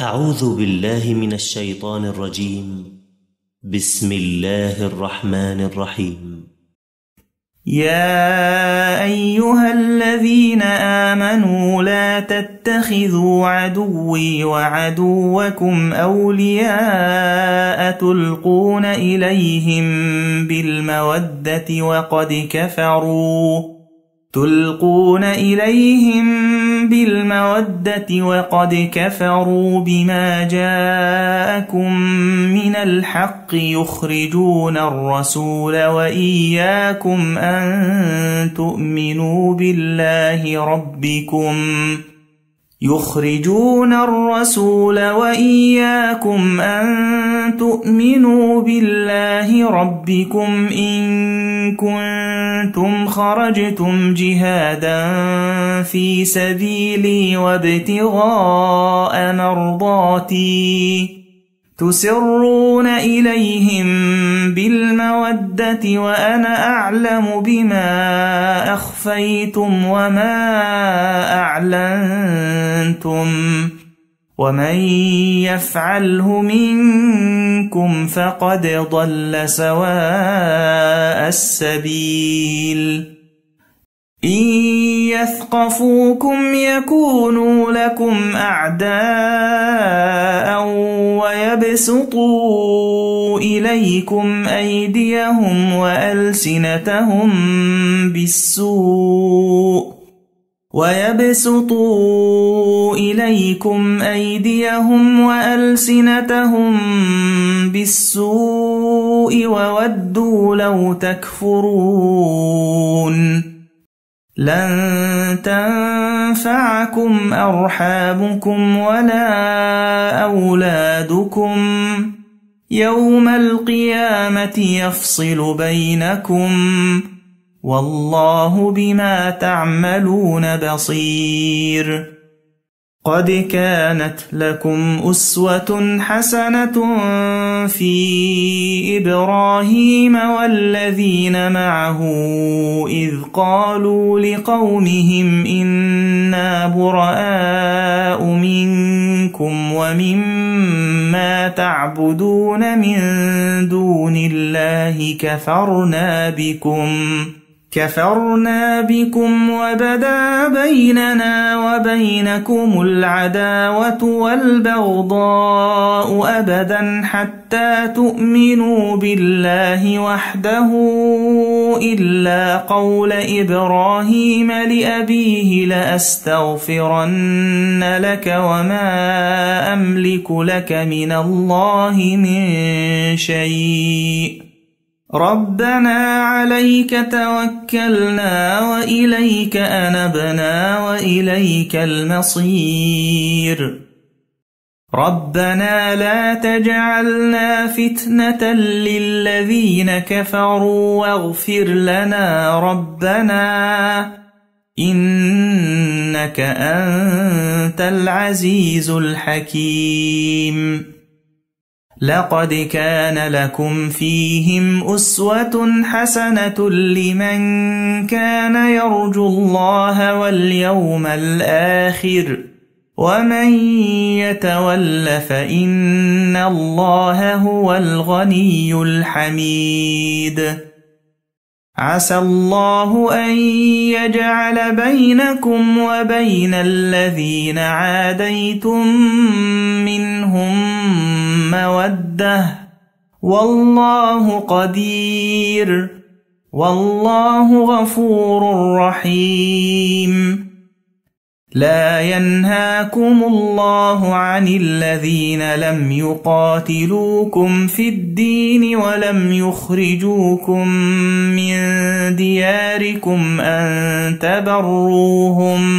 أعوذ بالله من الشيطان الرجيم بسم الله الرحمن الرحيم يا أيها الذين آمنوا لا تتخذوا عدوي وعدوكم أولياء تلقون إليهم بالمودة وقد كفروا تلقون إليهم بالمودة وقد كفروا بما جاءكم من الحق يخرجون الرسول وإياكم أن تؤمنوا بالله ربكم يخرجون الرسول واياكم ان تؤمنوا بالله ربكم ان كنتم خرجتم جهادا في سبيلي وابتغاء مرضاتي تسرون إليهم بالمودة وأنا أعلم بما أخفيتم وما أعلنتم ومن يفعله منكم فقد ضل سواء السبيل إن يثقفوكم يكونوا لكم أعداء ويبسطوا إليكم أيديهم وألسنتهم بالسوء ويبسطوا إليكم أيديهم وألسنتهم بالسوء وودوا لو تكفرون لن تنفعكم أرحامكم ولا أولادكم يوم القيامة يفصل بينكم والله بما تعملون بصير قد كانت لكم أسوة حسنة في إبراهيم والذين معه إذ قالوا لقومهم إنا براء منكم ومما تعبدون من دون الله كفرنا بكم كفرنا بكم وبدا بيننا وبينكم العداوة والبغضاء أبدا حتى تؤمنوا بالله وحده إلا قول إبراهيم لأبيه لأستغفرن لك وما أملك لك من الله من شيء ربنا عليك توكلنا وإليك أنبنا وإليك المصير ربنا لا تجعلنا فتنة للذين كفروا واغفر لنا ربنا إنك أنت العزيز الحكيم لقد كان لكم فيهم أسوة حسنة لمن كان يرجو الله واليوم الآخر ومن يتول فإن الله هو الغني الحميد عسى الله أن يجعل بينكم وبين الذين عاديتم منهم مودة والله قدير والله غفور رحيم لا ينهاكم الله عن الذين لم يقاتلوكم في الدين ولم يخرجوكم من دياركم أن تبروهم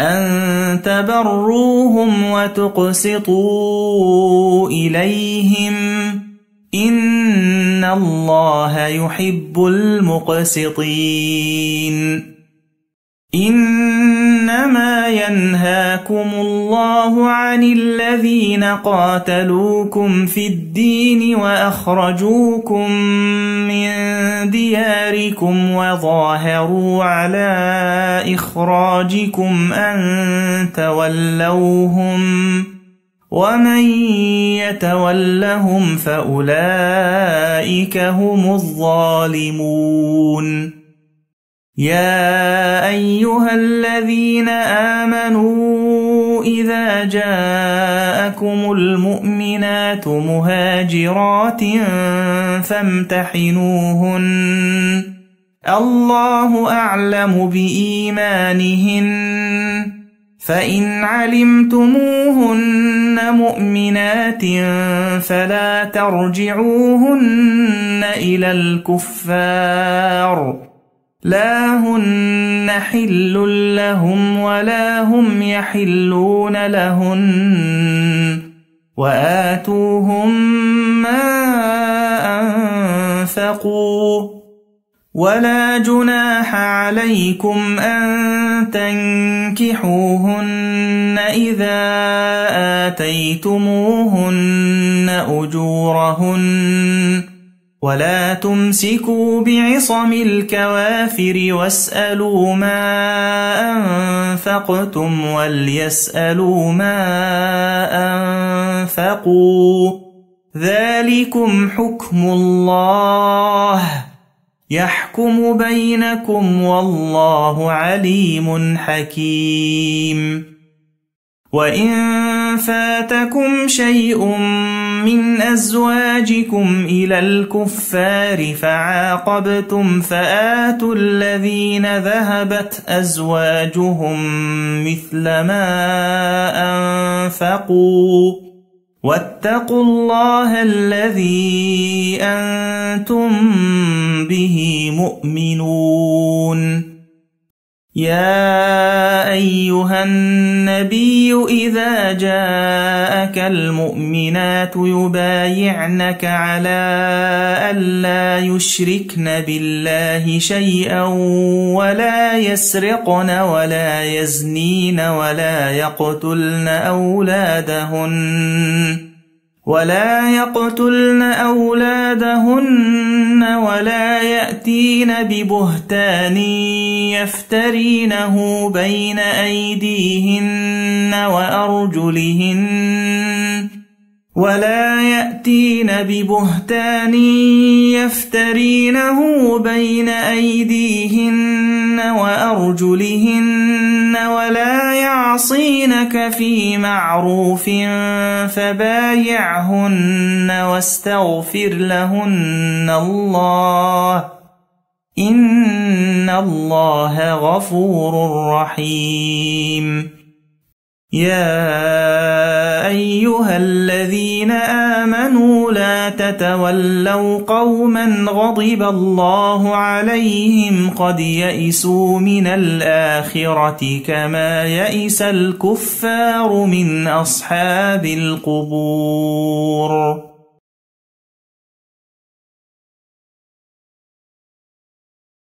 أن تبروهم وتقسطوا إليهم إن الله يحب المقسطين إنما ينهاكم الله عن الذين قاتلوكم في الدين وأخرجوكم من دياركم وظاهروا على إخراجكم أن تولوهم ومن يتولهم فأولئك هم الظالمون يا أيها الذين آمنوا إذا جاءكم المؤمنات مهاجرات فامتحنوهن الله أعلم بإيمانهن فإن علمتموهن مؤمنات فلا ترجعوهن إلى الكفار لا هن حل لهم ولا هم يحلون لهن وآتوهم ما أنفقوا ولا جناح عليكم أن تنكحوهن إذا آتيتموهن أجورهن ولا تمسكوا بعصم الكوافر واسألوا ما أنفقتم وليسألوا ما أنفقوا ذلكم حكم الله يحكم بينكم والله عليم حكيم وإن فاتكم شيء من أزواجكم إلى الكفار فعاقبتم فآتوا الذين ذهبت أزواجهم مثل ما أنفقوا واتقوا الله الذي أنتم به مؤمنون يا ايها النبي اذا جاءك المؤمنات يبايعنك على الا يشركن بالله شيئا ولا يسرقن ولا يزنين ولا يقتلن اولادهن ولا يقتلن أولادهن ولا يأتين ببهتان يفترينه بين أيديهن وأرجلهن ولا يأتين ببهتان يفترينه بين أيديهن وأرجلهن ولا يعصينك في معروف فبايعهن واستغفر لهن الله إن الله غفور رحيم يا أيها الذين آمنوا لا تتولوا قوما غضب الله عليهم قد يئسوا من الآخرة كما يئس الكفار من أصحاب القبور